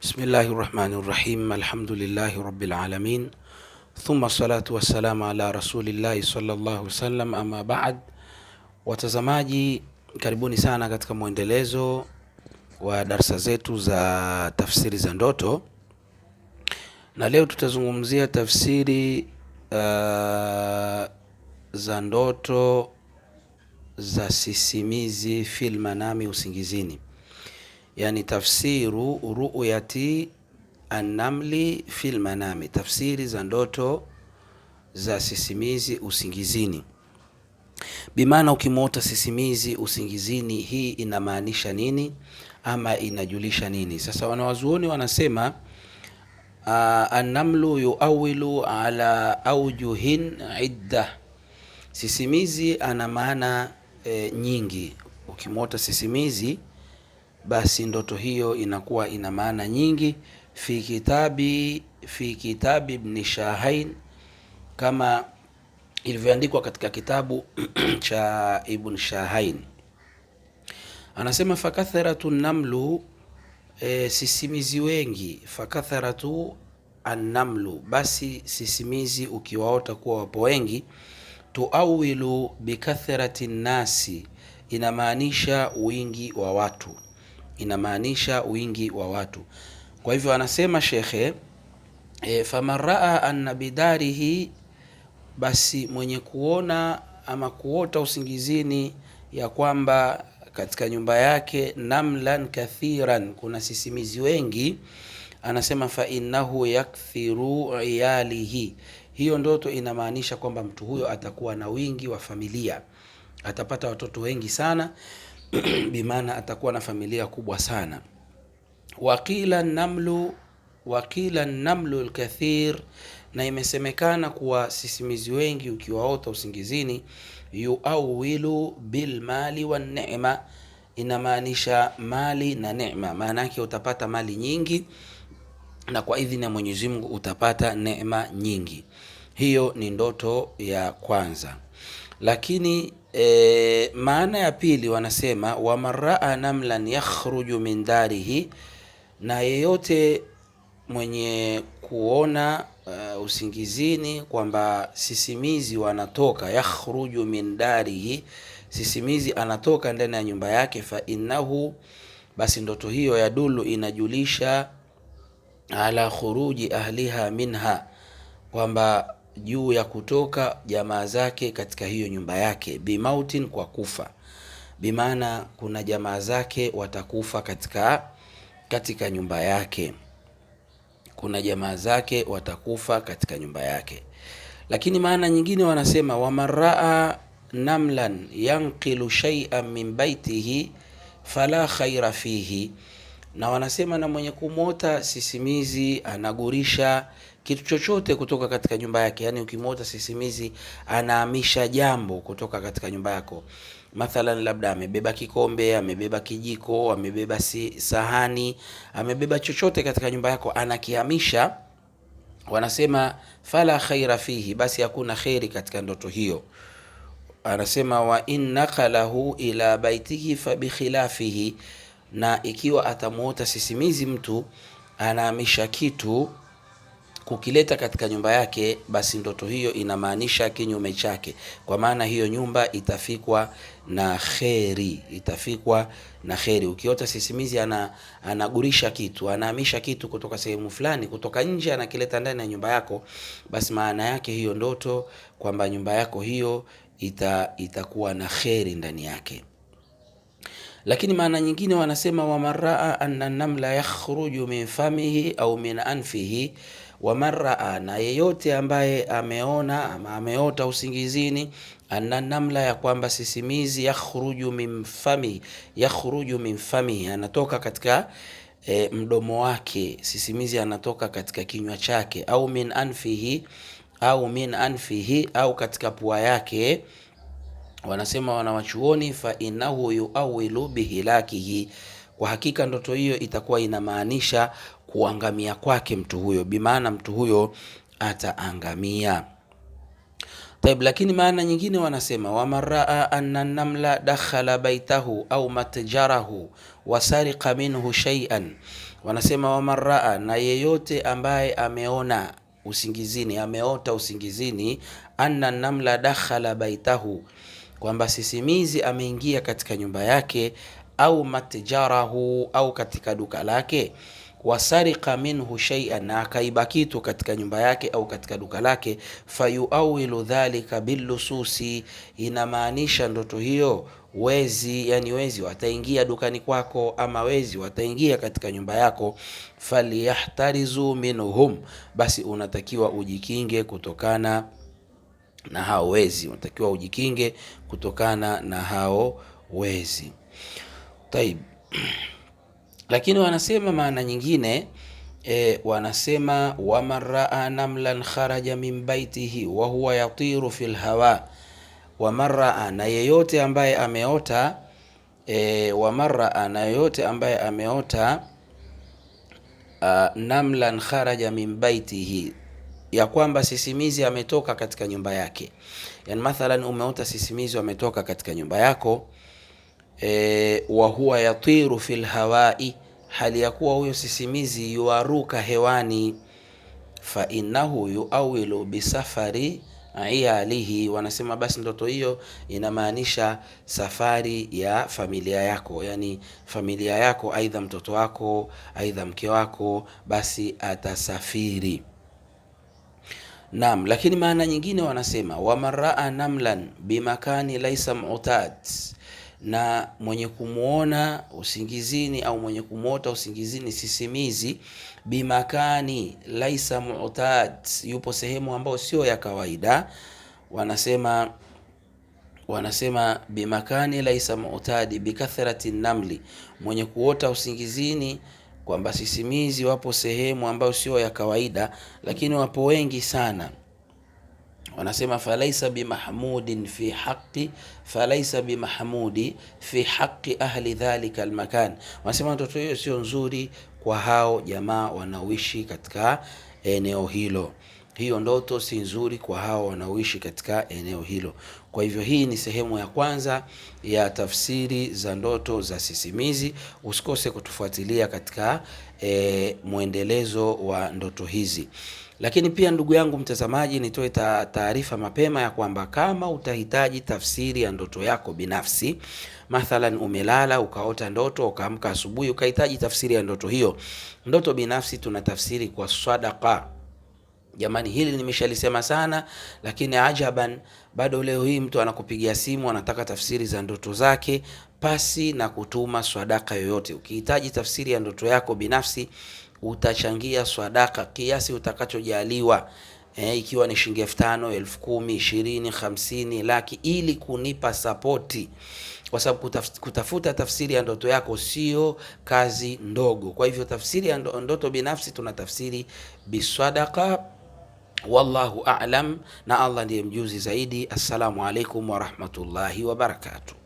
bismillahi rahmani الرحمن alhamdulilahi الحمد لله رب العالمين ثم الصلاة والسلام على رسول الله wasallam ama baad. Watazamaji, karibuni sana katika mwendelezo wa darsa zetu za tafsiri za ndoto, na leo tutazungumzia tafsiri uh, za ndoto za sisimizi filmanami usingizini yani tafsiru ru'yati annamli fil manami, tafsiri za ndoto za sisimizi usingizini. Bimaana ukimwota sisimizi usingizini, hii inamaanisha nini ama inajulisha nini? Sasa wanawazuoni wanasema uh, annamlu yuawilu ala aujuhin idda, sisimizi ana maana e, nyingi. Ukimwota sisimizi basi ndoto hiyo inakuwa ina maana nyingi. Fi kitabi fi kitabi Ibn Shahain, kama ilivyoandikwa katika kitabu cha Ibn Shahain, anasema fakatharatu namlu e, sisimizi wengi. Fakatharatu annamlu, basi sisimizi ukiwaota kuwa wapo wengi. Tuawilu bikathrati nnasi, inamaanisha wingi wa watu inamaanisha wingi wa watu. Kwa hivyo anasema shekhe e, famaraa anna bidarihi, basi mwenye kuona ama kuota usingizini ya kwamba katika nyumba yake namlan kathiran, kuna sisimizi wengi. Anasema fa innahu yakthiru iyalihi, hiyo ndoto inamaanisha kwamba mtu huyo atakuwa na wingi wa familia, atapata watoto wengi sana. bimaana atakuwa na familia kubwa sana. Waqila namlu waqila namlu lkathir, na imesemekana kuwa sisimizi wengi ukiwaota usingizini, yuawilu bilmali wanema, inamaanisha mali na neema. Maana yake utapata mali nyingi na kwa idhini ya Mwenyezi Mungu utapata neema nyingi. Hiyo ni ndoto ya kwanza, lakini E, maana ya pili wanasema wamaraa namlan yakhruju min darihi, na yeyote mwenye kuona uh, usingizini kwamba sisimizi wanatoka, yakhruju min darihi, sisimizi anatoka ndani ya nyumba yake, fa innahu, basi ndoto hiyo ya dulu inajulisha ala khuruji ahliha minha, kwamba juu ya kutoka jamaa zake katika hiyo nyumba yake, bimautin, kwa kufa. Bimaana kuna jamaa zake watakufa katika katika nyumba yake, kuna jamaa zake watakufa katika nyumba yake. Lakini maana nyingine wanasema, wamanraa namlan yanqilu shay'an min baitihi fala khaira fihi, na wanasema na mwenye kumwota sisimizi anagurisha kitu chochote kutoka katika nyumba yake. Yani ukimwota sisimizi anahamisha jambo kutoka katika nyumba yako, mathalan labda amebeba kikombe, amebeba kijiko, amebeba si sahani, amebeba chochote katika nyumba yako, anakihamisha wanasema fala khaira fihi, basi hakuna kheri katika ndoto hiyo. Anasema wa in nakalahu ila baitihi fa bikhilafihi, na ikiwa atamwota sisimizi mtu anahamisha kitu kukileta katika nyumba yake, basi ndoto hiyo inamaanisha kinyume chake. Kwa maana hiyo nyumba itafikwa na kheri, itafikwa na kheri. Ukiota sisimizi ana, anagurisha kitu, anahamisha kitu kutoka sehemu fulani, kutoka nje, anakileta ndani ya nyumba yako, basi maana yake hiyo ndoto kwamba nyumba yako hiyo ita, itakuwa na kheri ndani yake. Lakini maana nyingine wanasema, waman anna namla yakhruju min famihi au min anfihi wa raa, ah, na yeyote ambaye ameona ama ameota usingizini anna namla ya kwamba sisimizi yakhruju min fami, yakhruju min fami, anatoka katika e, mdomo wake, sisimizi anatoka katika kinywa chake, au min anfihi, au min anfihi, au katika pua yake. Wanasema wanawachuoni, fa innahu yuawilu bihilakihi, kwa hakika ndoto hiyo itakuwa inamaanisha kuangamia kwake mtu huyo, bimaana mtu huyo ataangamia. Taib, lakini maana nyingine wanasema wamaraa raa anna namla dakhala baitahu au matjarahu wasariqa minhu shay'an, wanasema waman na yeyote ambaye ameona usingizini, ameota usingizini, anna namla dakhala baitahu, kwamba sisimizi ameingia katika nyumba yake, au matjarahu, au katika duka lake wasarika minhu shay'an, na akaiba kitu katika nyumba yake au katika duka lake, fayuawilu dhalika bilususi, inamaanisha ndoto hiyo wezi, yani wezi wataingia dukani kwako ama wezi wataingia katika nyumba yako. Falyahtarizu minhum, basi unatakiwa ujikinge kutokana na hao wezi, unatakiwa ujikinge kutokana na hao wezi. Taib. Lakini wanasema maana nyingine e, wanasema waman raa namlan kharaja min baitihi wa huwa yatiru fil hawa, waman raa, na yeyote ambaye ameota e, waman raa, na yeyote ambaye ameota Uh, namlan kharaja min baitihi, ya kwamba sisimizi ametoka katika nyumba yake. Yani mathalan umeota sisimizi ametoka katika nyumba yako e, wa huwa yatiru fil hawai, hali ya kuwa huyo sisimizi yuaruka hewani. Fa innahu yuawilu bisafari iyalihi, wanasema basi ndoto hiyo inamaanisha safari ya familia yako, yani familia yako, aidha mtoto wako, aidha mke wako, basi atasafiri. Naam, lakini maana nyingine wanasema waman raa namlan bimakani laisa mu'tad na mwenye kumwona usingizini au mwenye kumwota usingizini sisimizi, bimakani laisa mu'tad, yupo sehemu ambayo sio ya kawaida. Wanasema wanasema bimakani laisa mu'tadi bikathrati namli, mwenye kuota usingizini kwamba sisimizi wapo sehemu ambayo sio ya kawaida, lakini wapo wengi sana wanasema falaisa bimahmudin fi haqi falaisa bimahmudi fi haqi ahli dhalika almakan. Wanasema mtoto hiyo sio nzuri kwa hao jamaa wanaoishi katika eneo hilo. Hiyo ndoto si nzuri kwa hao wanaoishi katika eneo hilo. Kwa hivyo hii ni sehemu ya kwanza ya tafsiri za ndoto za sisimizi. Usikose kutufuatilia katika e, mwendelezo wa ndoto hizi. Lakini pia ndugu yangu mtazamaji, nitoe taarifa mapema ya kwamba kama utahitaji tafsiri ya ndoto yako binafsi, mathalan umelala ukaota ndoto, ukaamka asubuhi ukahitaji tafsiri ya ndoto hiyo, ndoto binafsi tuna tafsiri kwa sadaqa. Jamani, hili nimeshalisema sana, lakini ajaban, bado leo hii mtu anakupigia simu anataka tafsiri za ndoto zake pasi na kutuma swadaka yoyote. Ukihitaji tafsiri ya ndoto yako binafsi utachangia swadaka kiasi utakachojaliwa eh, ikiwa ni shilingi elfu tano, elfu kumi, ishirini, hamsini, laki, ili kunipa sapoti, kwa sababu kutaf, kutafuta tafsiri ya ndoto yako sio kazi ndogo. Kwa hivyo tafsiri ya ndoto binafsi tuna tafsiri biswadaka. Wallahu a'lam, na Allah ndiye mjuzi zaidi. Assalamu alaikum wa rahmatullahi wa barakatuh.